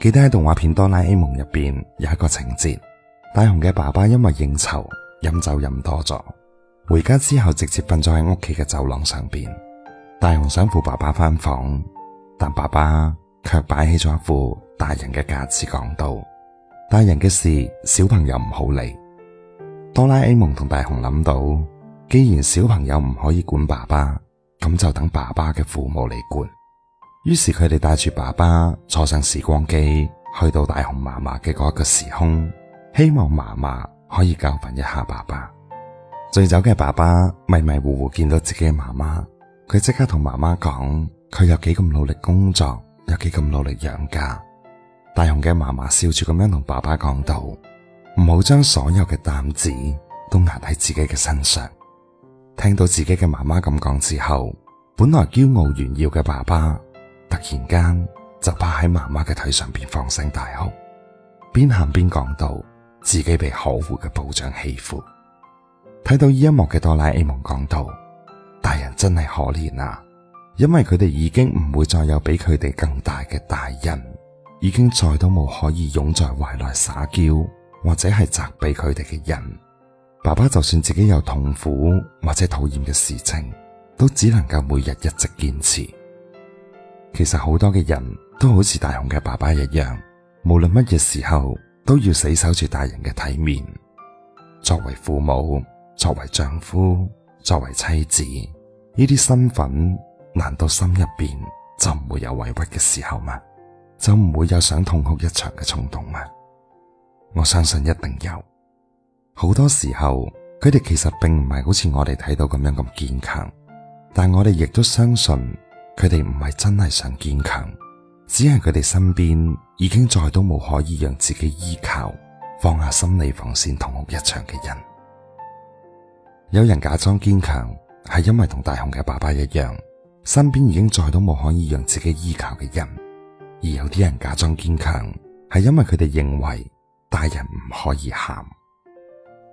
記得喺動畫片《哆啦 A 夢》入邊有一個情節，大雄嘅爸爸因為應酬飲酒飲多咗，回家之後直接瞓咗喺屋企嘅走廊上邊。大雄想扶爸爸翻房，但爸爸卻擺起咗一副大人嘅架子講道：「大人嘅事小朋友唔好理。」哆啦 A 夢同大雄諗到，既然小朋友唔可以管爸爸，咁就等爸爸嘅父母嚟管。於是佢哋帶住爸爸坐上時光機，去到大雄媽媽嘅嗰一個時空，希望媽媽可以教訓一下爸爸。醉酒嘅爸爸迷迷糊糊見到自己嘅媽媽，佢即刻同媽媽講：佢有幾咁努力工作，有幾咁努力養家。大雄嘅媽媽笑住咁樣同爸爸講道：唔好將所有嘅擔子都壓喺自己嘅身上。聽到自己嘅媽媽咁講之後，本來驕傲炫耀嘅爸爸，然間就趴喺媽媽嘅腿上邊放聲大哭，邊喊邊講道：「自己被可惡嘅部長欺負。」睇到呢一幕嘅哆啦 A 夢講道：大人真係可憐啊，因為佢哋已經唔會再有比佢哋更大嘅大人，已經再都冇可以擁在懷內撒嬌或者係責備佢哋嘅人。爸爸就算自己有痛苦或者討厭嘅事情，都只能夠每日一直堅持。其實好多嘅人都好似大雄嘅爸爸一樣，無論乜嘢時候都要死守住大人嘅體面。作為父母，作為丈夫，作為妻子，呢啲身份難道心入邊就唔會有委屈嘅時候嗎？就唔會有想痛哭一場嘅衝動嗎？我相信一定有。好多時候佢哋其實並唔係好似我哋睇到咁樣咁堅強，但我哋亦都相信。佢哋唔係真係想堅強，只係佢哋身邊已經再都冇可以讓自己依靠、放下心理防線同哭一場嘅人。有人假裝堅強，係因為同大雄嘅爸爸一樣，身邊已經再都冇可以讓自己依靠嘅人；而有啲人假裝堅強，係因為佢哋認為大人唔可以喊。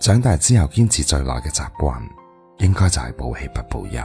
長大之後堅持最耐嘅習慣，應該就係報喜不報憂。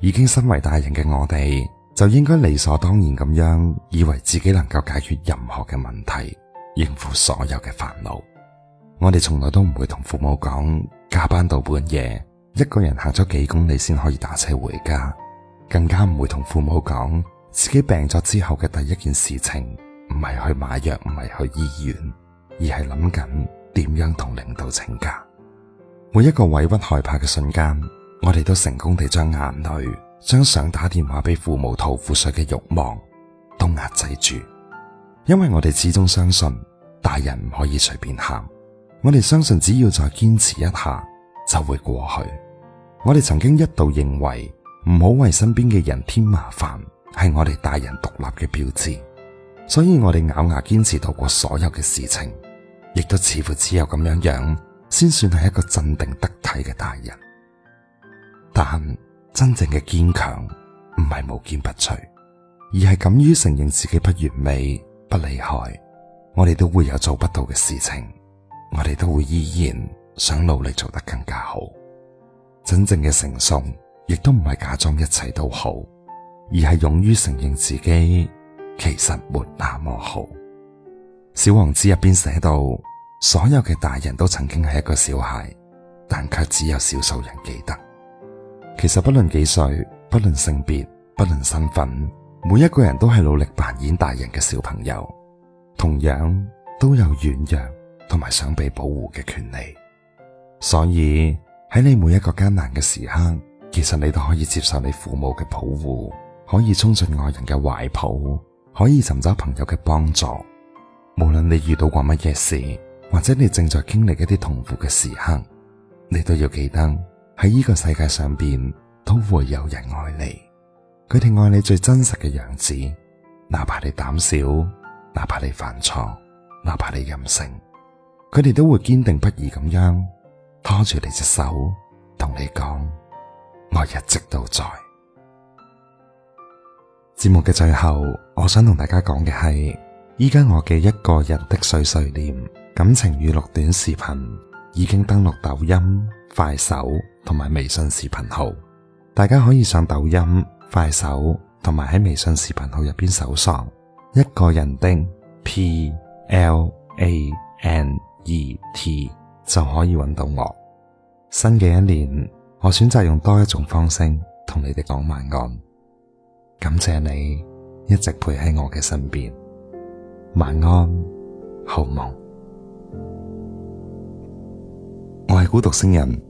已經身為大人嘅我哋就應該理所當然咁樣，以為自己能夠解決任何嘅問題，應付所有嘅煩惱。我哋從來都唔會同父母講加班到半夜，一個人行咗幾公里先可以打車回家，更加唔會同父母講自己病咗之後嘅第一件事情唔係去買藥，唔係去醫院，而係諗緊點樣同領導請假。每一個委屈害怕嘅瞬間我哋都成功地將眼淚、將想打電話俾父母吐苦水嘅欲望都壓制住，因為我哋始終相信大人唔可以隨便喊。我哋相信只要再堅持一下就會過去。我哋曾經一度認為唔好為身邊嘅人添麻煩係我哋大人獨立嘅標誌，所以我哋咬牙堅持度過所有嘅事情，亦都似乎只有咁樣樣先算係一個鎮定得體嘅大人。但真正嘅堅強唔係無堅不摧，而係敢於承認自己不完美、不厲害。我哋都會有做不到嘅事情，我哋都會依然想努力做得更加好。真正嘅成熟亦都唔係假裝一切都好，而係勇於承認自己其實沒那麼好。小王子入邊寫到，所有嘅大人都曾經係一個小孩，但却只有少數人記得。其實不論幾歲，不論性別，不論身份，每一個人都係努力扮演大人嘅小朋友，同樣都有軟弱同埋想被保護嘅權利。所以喺你每一個艱難嘅時刻，其實你都可以接受你父母嘅保護，可以衝進愛人嘅懷抱，可以尋找朋友嘅幫助。無論你遇到過乜嘢事，或者你正在經歷一啲痛苦嘅時刻，你都要記得。.喺呢個世界上邊都會有人愛你，佢哋愛你最真實嘅樣子，哪怕你膽小，哪怕你犯錯，哪怕你任性，佢哋都會堅定不移咁樣拖住你隻手，同你講，我一直都在。節目嘅最後，我想同大家講嘅係，依家我嘅一個人的碎碎念感情語錄短視頻已經登錄抖音、快手。同埋微信視頻號，大家可以上抖音、快手，同埋喺微信視頻號入邊搜索，一個人的 P L A N E T 就可以揾到我。新嘅一年，我選擇用多一種方式同你哋講晚安。感謝你一直陪喺我嘅身邊，晚安，好夢。我係孤獨星人。